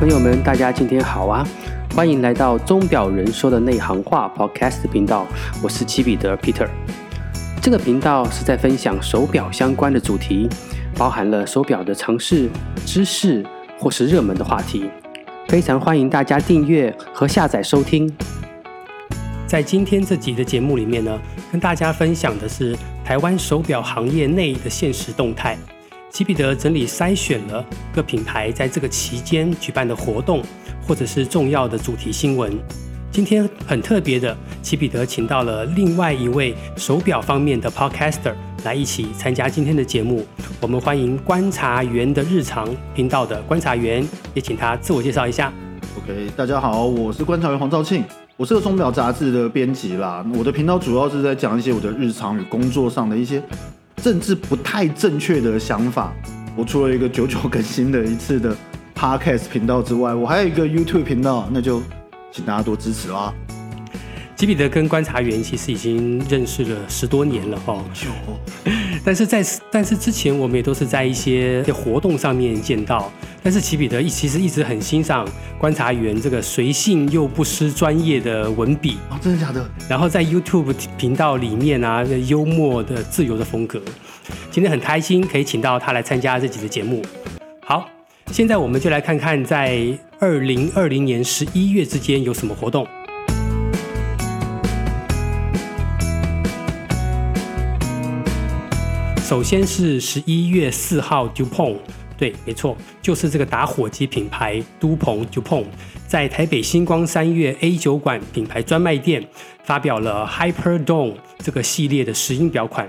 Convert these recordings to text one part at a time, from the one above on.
朋友們，大家今天好啊！歡迎來到《鐘錶人說的內行話》Podcast 頻道，我是齊彼得 Peter。這個頻道是在分享手錶相關的主題，包含了手錶的常識、知識或是熱門的話題。非常歡迎大家訂閱和下載收聽。在今天這集的節目裡面呢，跟大家分享的是台灣手錶行業內的限時動態。齊彼得整理篩選了各品牌在這個期間舉辦的活動，或者是重要的主題新聞。今天很特別的，齊彼得請到了另外一位手表方面的 Podcaster 來一起參加今天的節目。我們歡迎觀察員的日常頻道的觀察員，也請他自我介紹一下。OK，大家好，我是觀察員黃肇慶，我是個鐘表雜誌的編輯啦。我的頻道主要是在講一些我的日常與工作上的一些。甚至不太正確的想法。我除了一個久久更新的一次的 podcast 頻道之外，我還有一個 YouTube 頻道，那就請大家多支持啦。齊彼得跟觀察員其實已經認識了十多年了久、哦。 但是在但是之前我們也都是在一些活動上面見到，但是齊彼得其實一直很欣賞觀察員這個隨性又不失專業的文筆啊、哦，真的假的？然後在 YouTube 頻道裡面啊，幽默的自由的風格，今天很開心可以請到他來參加這集的節目。好，現在我們就來看看在二零二零年十一月之間有什麼活動。首先是十一月四號，Dupont，對，沒錯，就是這個打火機品牌 Dupont。Dupont 在台北新光三越 A9 館品牌專賣店發表了 HYPERDOME 這個系列的石英錶款，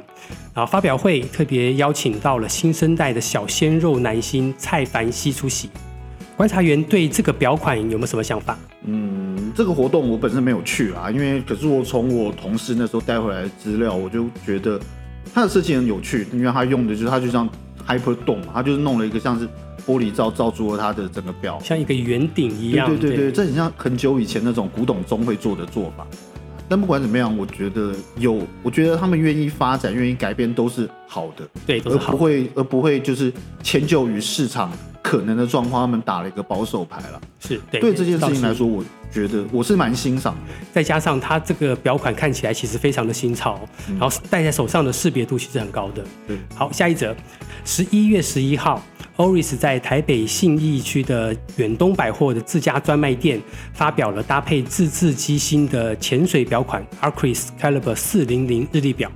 然後發表會特別邀請到了新生代的小鮮肉男星蔡凡熙出席。觀察員對這個錶款有沒有什麼想法？嗯，這個活動我本身沒有去啊，因為可是我從我同事那時候帶回來的資料，我就覺得。它的設計很有趣，因為它用的就是，它就像 HYPERDOME，它就是弄了一個像是玻璃罩罩住了它的整個錶，像一個圓頂一樣，對對對對對對。對對對，這很像很久以前那種古董鐘會做的做法。但不管怎麼樣，我覺得有，我覺得他們願意發展、願意改變都是好的，對，都是好的，而不會，而不會就是遷就於市場。可能的狀況，他們打了一個保守牌了。是，對，對這件事情來說，我覺得我是蠻欣賞。再加上它這個表款看起來其實非常的新潮，嗯、然後戴在手上的識別度其實很高的。嗯、好，下一則，十一月十一號，Oris 在台北信義區的遠東百貨的自家專賣店發表了搭配自製機芯的潛水錶款、嗯、Aquis Calibre 400日曆表。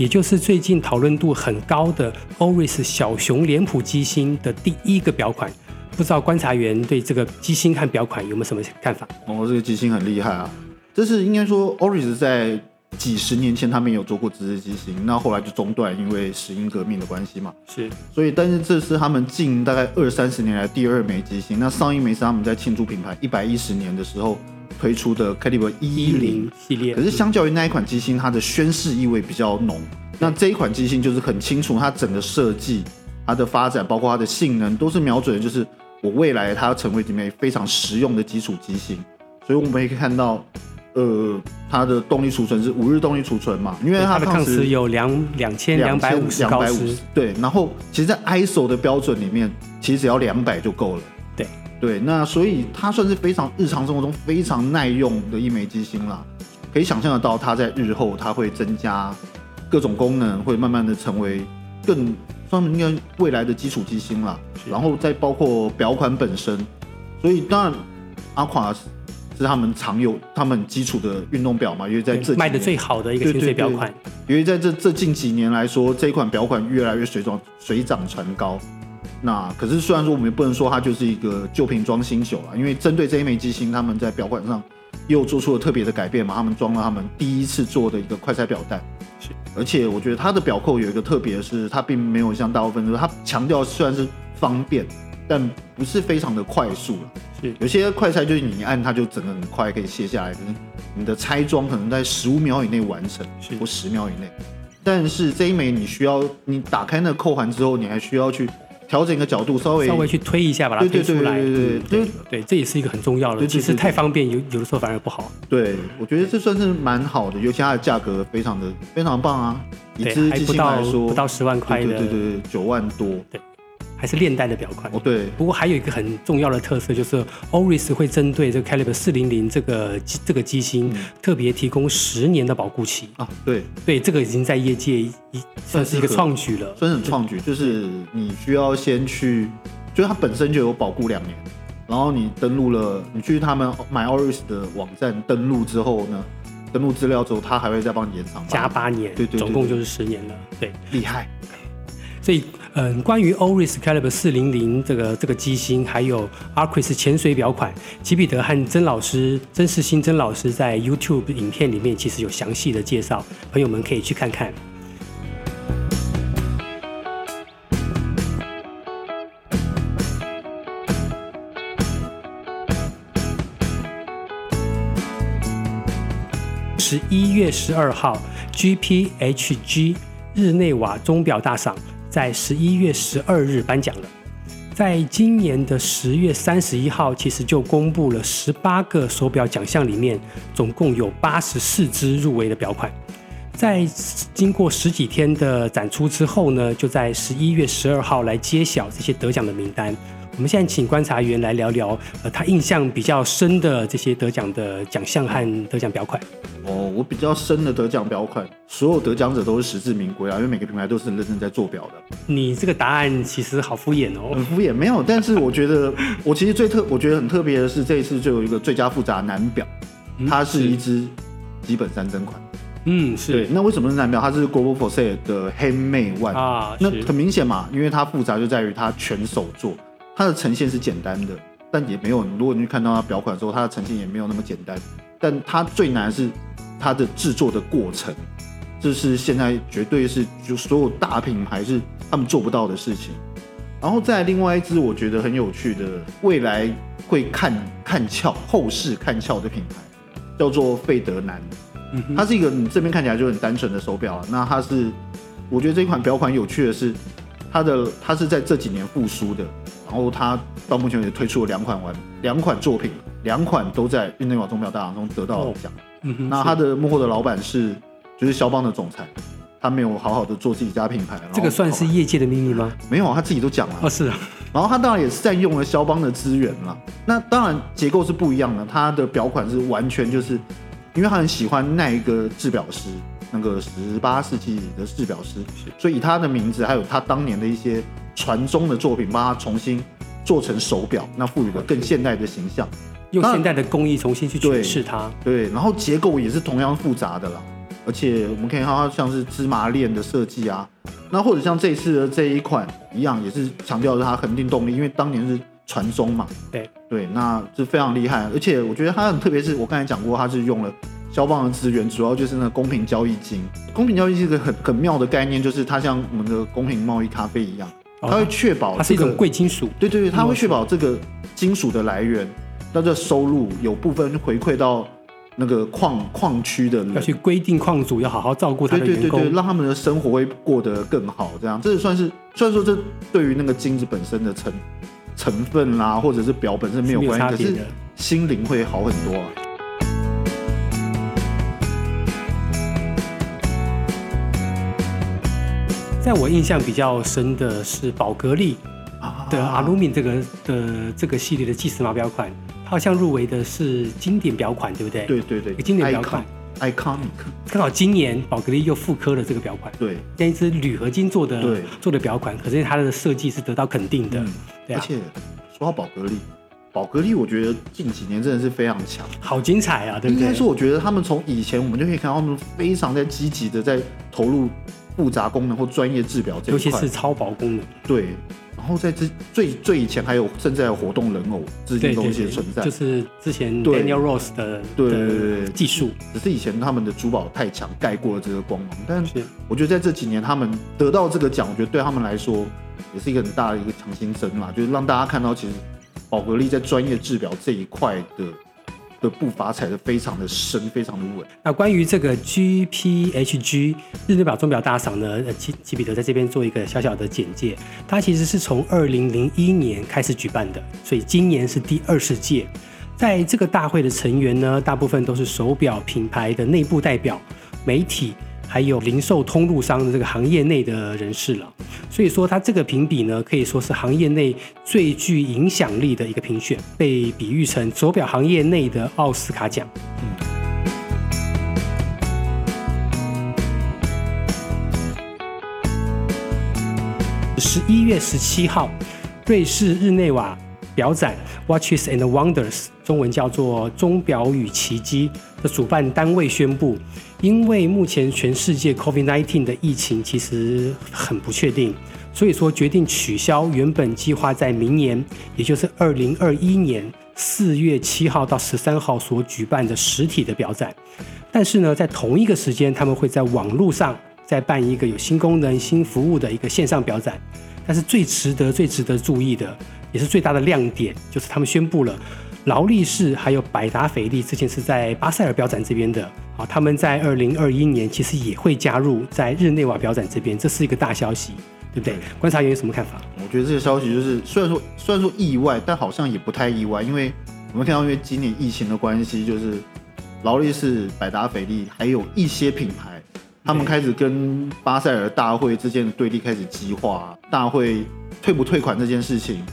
也就是最近討論度很高的 ORIS 小熊臉譜機芯的第一個表款，不知道觀察員對這個機芯和表款有沒有什麼看法？哦，這個機芯很厲害啊！這是應該說 ORIS 在幾十年前他們有做過自製機芯，那後來就中斷，因為石英革命的關係嘛。是，所以但是這是他們近大概二三十年來第二枚機芯，那上一枚是他們在慶祝品牌一百一十年的時候，推出的 Calibre 110系列，可是相較於那一款機芯，它的宣示意味比較濃。那這一款機芯就是很清楚，它整個設計、它的發展，包括它的性能，都是瞄準的就是我未來它要成為一枚非常實用的基礎機芯。所以我們可以看到，呃，它的動力儲存是五日動力儲存嘛，因為它當時、欸、它的抗磁有兩兩千兩百五十，2000，高250，對。然後，其實在 ISO 的標準裡面，其實只要兩百就夠了。對，那所以它算是非常日常生活中非常耐用的一枚機芯啦，可以想象得到它在日後它會增加各種功能，會慢慢的成為更專門，應該未來的基礎機芯啦。然後再包括表款本身，所以當然 Aquis 是他們常有他們基礎的運動表嘛，因為在這、嗯、賣的最好的一個，對，對對對，因為在這這近幾年來說，這一款表款越來越水漲水漲船高。那可是雖然說我們也不能說它就是一個舊瓶裝新酒了，因為針對這一枚機芯，他們在表款上又做出了特別的改變嘛。他們裝了他們第一次做的一個快拆表帶，是。而且我覺得它的表扣有一個特別，是它並沒有像大部分說，它強調雖然是方便，但不是非常的快速了。是。有些快拆就是你一按它就整個很快可以卸下來，可是你的拆裝可能在十五秒以內完成，或十秒以內。但是這一枚你需要你打開那個扣環之後，你還需要去。調整一個角度，稍微稍微去推一下，把它推出來。對對對對對對，對，這也是一個很重要的。對對對，其實太方便，有有的時候反而不好。對，我覺得這算是蠻好的，尤其它的價格非常的非常的棒啊！以知知青來說，不到十萬塊。對，對對對，九萬多。對還是鏈帶的錶款哦，對。不過還有一個很重要的特色，就是 ORIS 會針對這 Calibre 400這個這個機芯、嗯，特別提供十年的保固期啊。對，對，這個已經在業界一算是一個創舉了，算是創舉就。就是你需要先去，就是它本身就有保固兩年，然後你登錄了，你去他們 myORIS 的網站登錄之後呢，登錄資料之後，他還會再幫你延長你加八年，對對，對對，總共就是十年了。對，厲害。所以。嗯，關於 ORIS Calibre 400這個這個機芯，還有 Aquis 潛水錶款，齊彼得和曾老師曾世新曾老師在 YouTube 影片裡面其實有詳細的介紹，朋友們可以去看看。十一月十二號，GPHG 日內瓦鐘錶大賞。在十一月十二日頒獎了，在今年的十月三十一號，其實就公布了十八個手錶獎項裡面，總共有八十四只入圍的表款，在經過十幾天的展出之後呢，就在十一月十二號來揭曉這些得獎的名單。我們現在請觀察員來聊聊，呃，他印象比較深的這些得獎的獎項和得獎錶款。哦，我比較深的得獎錶款，所有得獎者都是實至名歸啊，因為每個品牌都是很認真在做錶的。你這個答案其實好敷衍哦。很敷衍，沒有，但是我覺得 我其實最特，我覺得很特別的是這一次就有一個最佳複雜男錶，嗯，它是一只基本三針款。嗯，是。那為什麼是男錶？它是 Greubel Forsey 的 Hand Made One 啊。那很明顯嘛，因為它複雜就在於它全手做。它的呈現是簡單的，但也沒有。如果你去看到它表款的時候，它的呈現也沒有那麼簡單。但它最難的是它的制作的過程，這、就是現在絕對是就所有大品牌是他們做不到的事情。然後再來另外一支我覺得很有趣的，未來會看看俏後市看俏的品牌，叫做費德南。它是一個你這邊看起來就很單純的手表。那它是，我覺得這一款表款有趣的是，它的它是在這幾年復甦的。然後他到目前為止推出了兩款玩兩款作品，兩款都在日內瓦鐘表大獎中得到了獎。嗯，那他的幕後的老板是就是蕭邦的總裁，他沒有好好的做自己家品牌。這個算是業界的秘密嗎？沒有，他自己都講了。哦，是啊。然後他當然也是占用了蕭邦的資源了。那當然結構是不一樣的，他的表款是完全就是因為他很喜歡那一個制表師，那個十八世紀的制表師，所以以他的名字還有他當年的一些。傳宗的作品，把它重新做成手錶，那賦予了更現代的形象，okay. 用現代的工藝重新去詮釋它。對，然後結構也是同樣複雜的啦。而且我們可以看到，像是芝麻鏈的設計啊，那或者像這一次的這一款一樣，也是強調著它恆定動力，因為當年是傳宗嘛。對對，那是非常厲害。而且我覺得它很特別，是我剛才講過，它是用了肖邦的資源，主要就是那個公平交易金。公平交易是一個很很妙的概念，就是它像我們的公平貿易咖啡一樣。它會確保，它是一種貴金屬。對、這個、對對，它會確保這個金屬的來源，那這收入有部分回饋到那個礦礦區的人，要去規定礦主要好好照顧他們的員工，對對對對，讓他們的生活會過得更好。這樣，這是算是，雖然說這對於那個金子本身的成成分啦，或者是表本身沒有關係有，可是心靈會好很多啊。在我印象比較深的是寶格麗的 Alumin 這個的這個系列的計時碼錶款，它好像入圍的是經典錶款，對不對？對對對，經典錶款。Iconic，剛好今年寶格麗又復刻了這個錶款，對，像一隻鋁合金做的對做的錶款，可是它的設計是得到肯定的。嗯，對啊。而且說到寶格麗，寶格麗我覺得近幾年真的是非常強，好精彩啊！對不對？應該是我覺得他們從以前我們就可以看到他們非常在積極的在投入。複雜功能或專業製表這一塊，尤其是超薄功能。對，然後在這最最以前，還有甚至還有活動人偶這些東西的存在，就是之前 Daniel Rose 的對，對，對，對的技術。只是以前他們的珠寶太強，蓋過了這個光芒。但是我覺得在這幾年，他們得到這個獎，我覺得對他們來說也是一個很大的一個強心針嘛，就是讓大家看到其實寶格麗在專業製表這一塊的。的步伐踩得非常的深，非常的穩。那關於這個 GPHG 日內瓦鐘表大賞呢，呃齊齊彼得在這邊做一個小小的簡介。它其實是從二零零一年開始舉辦的，所以今年是第二十屆。在這個大會的成員呢，大部分都是手表品牌的內部代表、媒體。還有零售通路商的這個行業內的人士了，所以說它這個評比呢，可以說是行業內最具影響力的一個評選，被比喻成手表行業內的奧斯卡獎。十一月十七號，瑞士日內瓦。表展 Watches and Wonders，中文叫做鐘錶與奇蹟的主辦單位宣布，因為目前全世界 COVID-19 的疫情其實很不確定，所以說決定取消原本計劃在明年，也就是二零二一年四月七號到十三號所舉辦的實體的表展。但是呢，在同一個時間，他們會在網絡上再辦一個有新功能、新服務的一個線上表展。但是最值得、最值得注意的。也是最大的亮點，就是他們宣布了勞力士還有百達翡麗，之前是在巴塞爾表展這邊的，啊，他們在二零二一年其實也會加入在日內瓦表展這邊，這是一個大消息，對不對？觀察員有什麼看法？我覺得這個消息就是雖然說雖然說意外，但好像也不太意外，因為我們看到因為今年疫情的關係，就是勞力士、百達翡麗還有一些品牌，他們開始跟巴塞爾大會之間的對立開始激化，大會退不退款這件事情。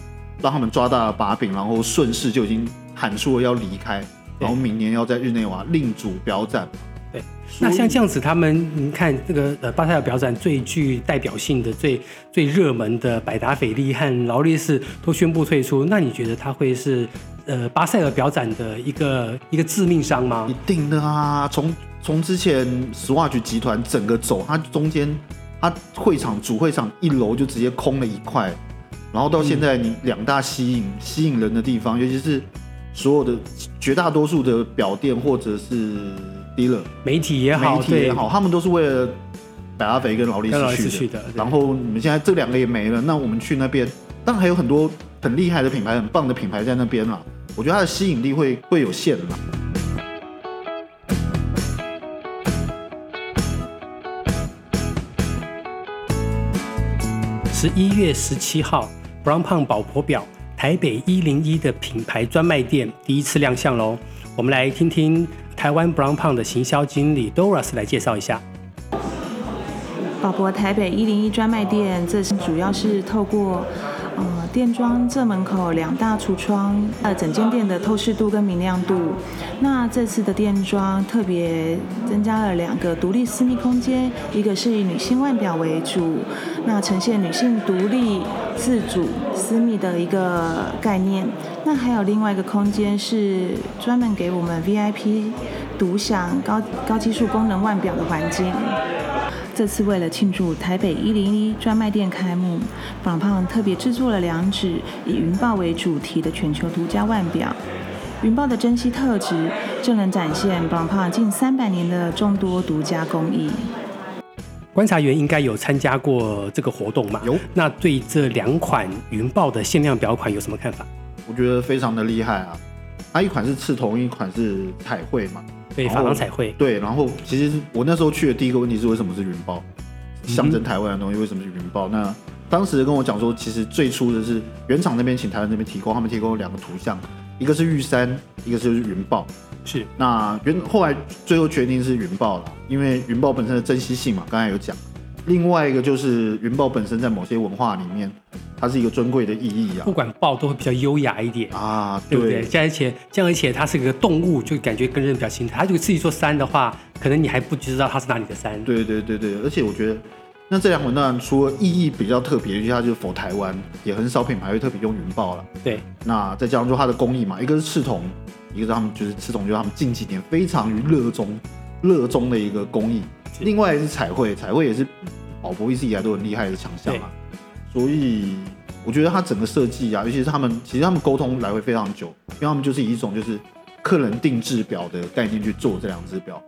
讓他們抓到了把柄，然後順勢就已經喊出了要離開，然後明年要在日內瓦另組表展。對，那像這樣子，他們你看這個呃巴塞爾表展最具代表性的、最最熱門的百達翡麗和勞力士都宣佈退出，那你覺得他會是呃巴塞爾表展的一個一個致命傷嗎？一定的啊，從從之前 Swatch 集團整個走，他中間他會場主會場一樓就直接空了一塊。然後到現在，你兩大吸引、嗯、吸引人的地方，尤其是所有的絕大多數的表店或者是 dealer、媒體也好，媒體也好，他們都是為了百達翡跟勞力士去的，的。然後你們現在這兩個也沒了，那我們去那邊，但還有很多很厲害的品牌、很棒的品牌在那邊啦，我覺得它的吸引力會會有限的嘛。十一月十七號，Blancpain 寶珀表台北一零一的品牌專賣店第一次亮相嘍！我們來聽聽台灣 Blancpain 的行銷經理 Doris 來介紹一下寶珀台北一零一專賣店，這次主要是透過。店裝這門口兩大櫥窗，呃，整間店的透視度跟明亮度。那這次的店裝特別增加了兩個獨立私密空間，一個是以女性腕表為主，那呈現女性獨立自主私密的一個概念。那還有另外一個空間是專門給我們 VIP 獨享高高技術功能腕表的環境。這次為了慶祝台北一零一專賣店開幕，寶珀特別制作了兩支以雲豹為主題的全球獨家腕錶。雲豹的珍稀特質，就能展現寶珀近三百年的眾多獨家工藝。觀察員應該有參加過這個活動嗎？有。那對這兩款雲豹的限量表款有什麼看法？我覺得非常的厲害啊！它一款是赤銅，一款是彩繪嘛。對琺瑯彩繪，對，然後其實我那時候去的第一個問題是為什麼是雲豹，象徵台灣的東西為什麼是雲豹？嗯、那當時跟我講說，其實最初的是原廠那邊請台灣那邊提供，他們提供兩個圖像，一個是玉山，一個是雲豹，是那原後來最後決定是雲豹了，因為雲豹本身的珍稀性嘛，剛才有講。另外一個就是雲豹本身在某些文化裡面，它是一個尊貴的意義啊。不管豹都會比較優雅一點啊，對不對？像而且像而且它是一個動物，就感覺跟人比較親。它如果是說山的話，可能你還不知道它是哪裡的山。對對對對，而且我覺得，那這兩款那除了意義比較特別，就它就是否台灣也很少品牌會特別用雲豹了。對，那再加上說它的工藝嘛，一個是赤銅，一個是他們就是赤銅，就是他們近幾年非常熱衷熱衷的一個工藝。另外也是彩繪，彩繪也是寶珀一直以來都很厲害的強項嘛，所以我覺得它整個設計啊，尤其是他們，其實他們溝通來回非常久，因為他們就是以一種就是客人定製表的概念去做這兩隻表，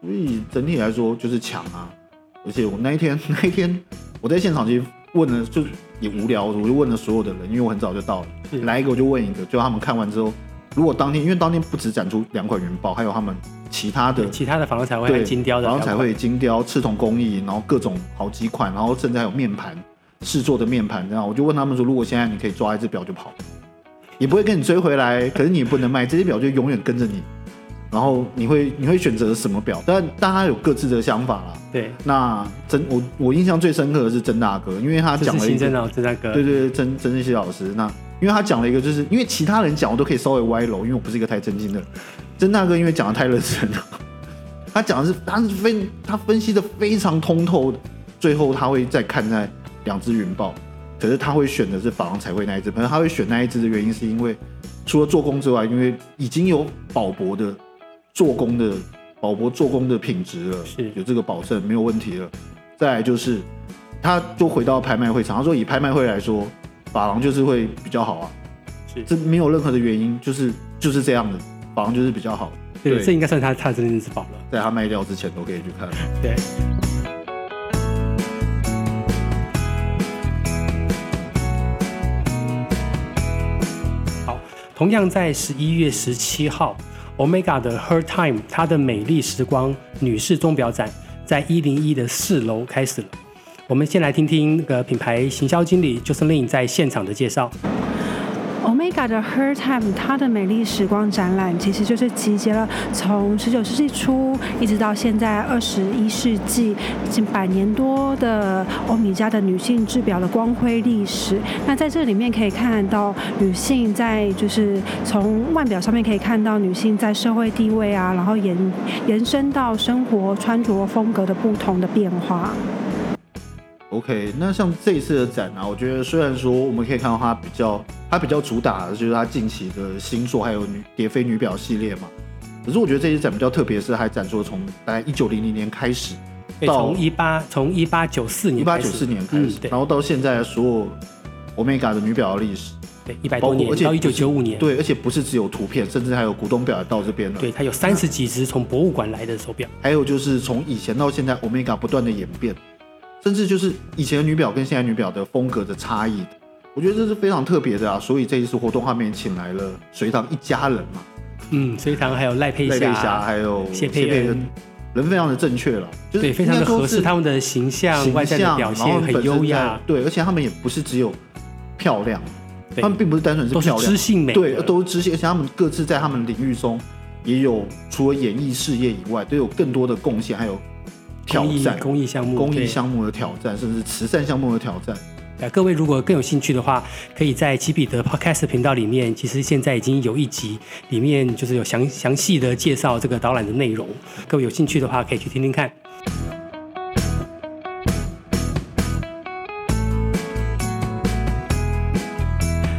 所以整體來說就是強啊。而且我那一天那一天我在現場其實問了，就也無聊，我就問了所有的人，因為我很早就到了，來一個我就問一個，最後他們看完之後，如果當天，因為當天不只展出兩款雲豹，還有他們。其他的，其他的琺瑯才會金雕的，琺瑯才會金雕、赤銅工藝，然後各種好幾款，然後甚至還有面盤試做的面盤這樣。我就問他們說，如果現在你可以抓一只表就跑，也不會跟你追回來， 可是你也不能賣這些表，就永遠跟着你。然後你會你會選擇什麼表？但大家有各自的想法啦。對，那曾我我印象最深刻的是曾大哥，因為他講了一個曾老師，曾大哥，對對對，曾曾志熙老師。那因為他講了一個，就是因為其他人講我都可以稍微歪樓，因為我不是一個太真心的人。曾大哥，因為講的太認真了，他講的是，他是分，他分析的非常通透的，最後他會再看那兩隻雲豹，可是他會選的是琺瑯彩繪那一隻，可能他會選那一隻的原因是因為除了做工之外，因為已經有寶珀的做工的寶珀做工的品質了，是，有這個保證沒有問題了，再來就是他就回到拍賣會場，他說以拍賣會來說，琺瑯就是會比較好啊，是，這沒有任何的原因，就是就是這樣的。房就是比較好，嗯，對，對，這應該算他他的真金之寶了，在他賣掉之前都可以去看。對。好，同樣在十一月十七號，Omega 的 Her Time，她的美麗時光女士鐘錶展，在一零一的四樓開始了。我們先來聽聽那個品牌行銷經理 Josephine 在現場的介紹。OMEGA 的 Her Time，它的美麗時光展覽，其實就是集結了從十九世紀初一直到現在二十一世紀近百年多的歐米茄的女性製錶的光輝歷史。那在這裡面可以看到，女性在就是從腕錶上面可以看到女性在社會地位啊，然後延延伸到生活穿着風格的不同的變化。OK，那像這一次的展呢、啊，我覺得雖然說我們可以看到它比較，它比較主打的就是它近期的新作，還有女蝶飛女表系列嘛。可是我覺得這次展比較特別，是還展出了從大概一九零零年開始，到一八從一八九四年一八九四年開始、嗯，然後到現在所有歐米 a 的女表的歷史，對，一百多年，而且到一九九五年，對，而且不是只有圖片，甚至還有股東表也到這邊了。對，它有三十幾只從博物館來的手表，嗯、還有就是從以前到現在歐米 a 不斷的演變。甚至就是以前的女錶跟現在的女錶的風格的差異的我覺得這是非常特別的啊。所以這一次活動畫面請來了隋棠一家人嘛，嗯，隋棠還有賴佩霞，還有謝佩，謝佩恩，人非常的正確了、就是，對，非常的合適他們的形象外在，表現然後很優雅，對，而且他們也不是只有漂亮，他們並不是單純是漂亮，知性美，對，都是知性，而且他們各自在他們領域中也有除了演藝事業以外，都有更多的貢獻，還有。公益公益項目、公益項目的挑戰，是不是慈善項目的挑戰？各位如果更有興趣的話，可以在齊彼得 Podcast 頻道裡面，其實現在已經有一集，裡面就是有詳詳細的介紹這個導覽的內容。各位有興趣的話，可以去聽聽看。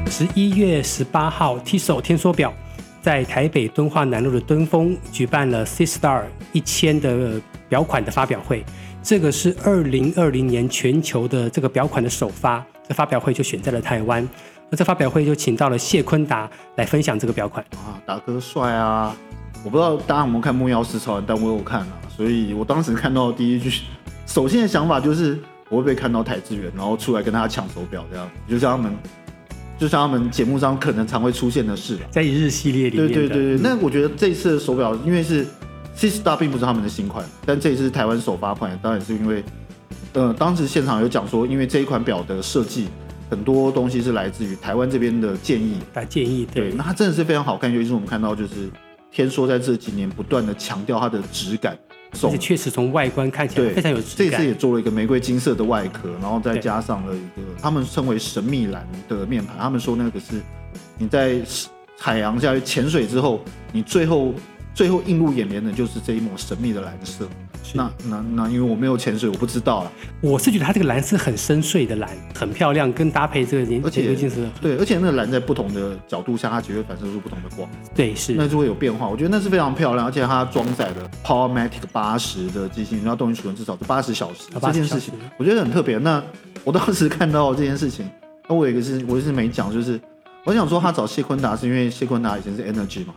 十一月十八號，Tissot 天梭表在台北敦化南路的敦峰舉辦了 Seastar 一千的。表款的發表會，這個是二零二零年全球的這個表款的首發，這發表會就選在了台灣，那這發表會就請到了謝坤達來分享這個表款啊，達哥帥啊！我不知道大家有沒有看《木曜4超玩》，但我有看啊，所以我當時看到的第一句，首先的想法就是我會不會看到邰智源，然後出來跟大家搶手表這樣，就像他們，就像他們節目上可能常會出現的事，在一日系列裡面，對對對對，嗯、那我覺得這次的手表因為是。Seastar 並不是他們的新款，但這一次是台灣首發款。當然，也是因為，呃，當時現場有講說，因為這一款表的設計很多東西是來自於台灣這邊的建議。建議對，對。那它真的是非常好看，尤、就、其是我們看到，就是天梭在這幾年不斷的強調它的質感。所以確實從外觀看起來非常有質感。這次也做了一個玫瑰金色的外殼，然後再加上了一個他們稱為神秘藍的面盤。他們說那個是你在海洋下去潛水之後，你最後。最後映入眼簾的就是這一抹神秘的藍色。那、那、那，因為我沒有潛水，我不知道了。我是覺得它這個藍是很深邃的藍，很漂亮，跟搭配這個年而且機芯是。對，而且那個藍在不同的角度下，它其實會反射出不同的光。對，是。那就會有變化。我覺得那是非常漂亮，而且它裝載的 Powermatic 八十的機芯，然後動力儲存至少是八十小時。八十小時。這件事情我覺得很特別。那我當時看到這件事情，那我有一個是，我一直沒講，就是我想說，他找謝坤達是因為謝坤達以前是 Energy 嘛。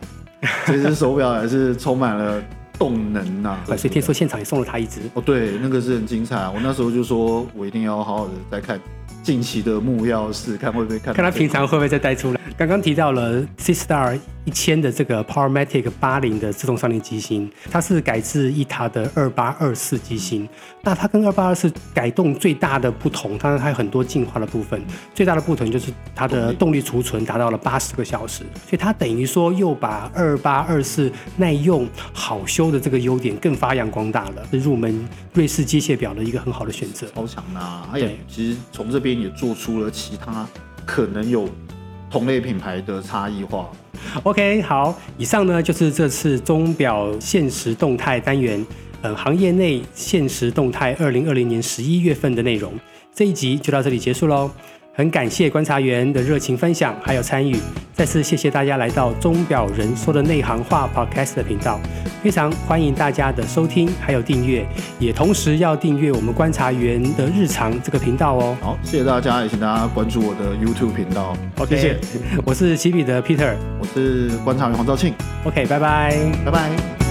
這 隻手錶還是充滿了動能吶、啊， 所以聽說現場也送了他一隻哦，對，那個是很精彩，我那時候就說，我一定要好好的再看。近期的木鑰匙看會不會看看他平常會不會再帶出來？剛剛提到了 C Star 一千的這個 Powermatic 八零，的自動上鏈機芯，它是改制一塔的二八二四機芯。那它跟二八二四改動最大的不同，當然還有很多進化的部分。最大的不同就是它的動力儲存達到了八十個小時，okay. 所以它等於說又把二八二四耐用好修的這個優點更發揚光大了。是入門瑞士機械表的一個很好的選擇，超強吶、啊！對，其實從這。這邊也做出了其他可能有同類品牌的差異化。OK，好，以上呢就是這次鐘錶限時動態單元，呃，行業內限時動態二零二零年十一月份的內容。這一集就到這裡結束嘍。很感謝觀察員的熱情分享，還有參與。再次謝謝大家來到《鐘錶人說的內行話》Podcast 頻道，非常歡迎大家的收聽還有訂閱，也同時要訂閱我們觀察員的日常這個頻道哦。好，謝謝大家，也請大家關注我的 YouTube 頻道。好，謝謝。Okay, 我是齊彼得 Peter，我是觀察員黃肇慶。OK，拜拜。拜拜。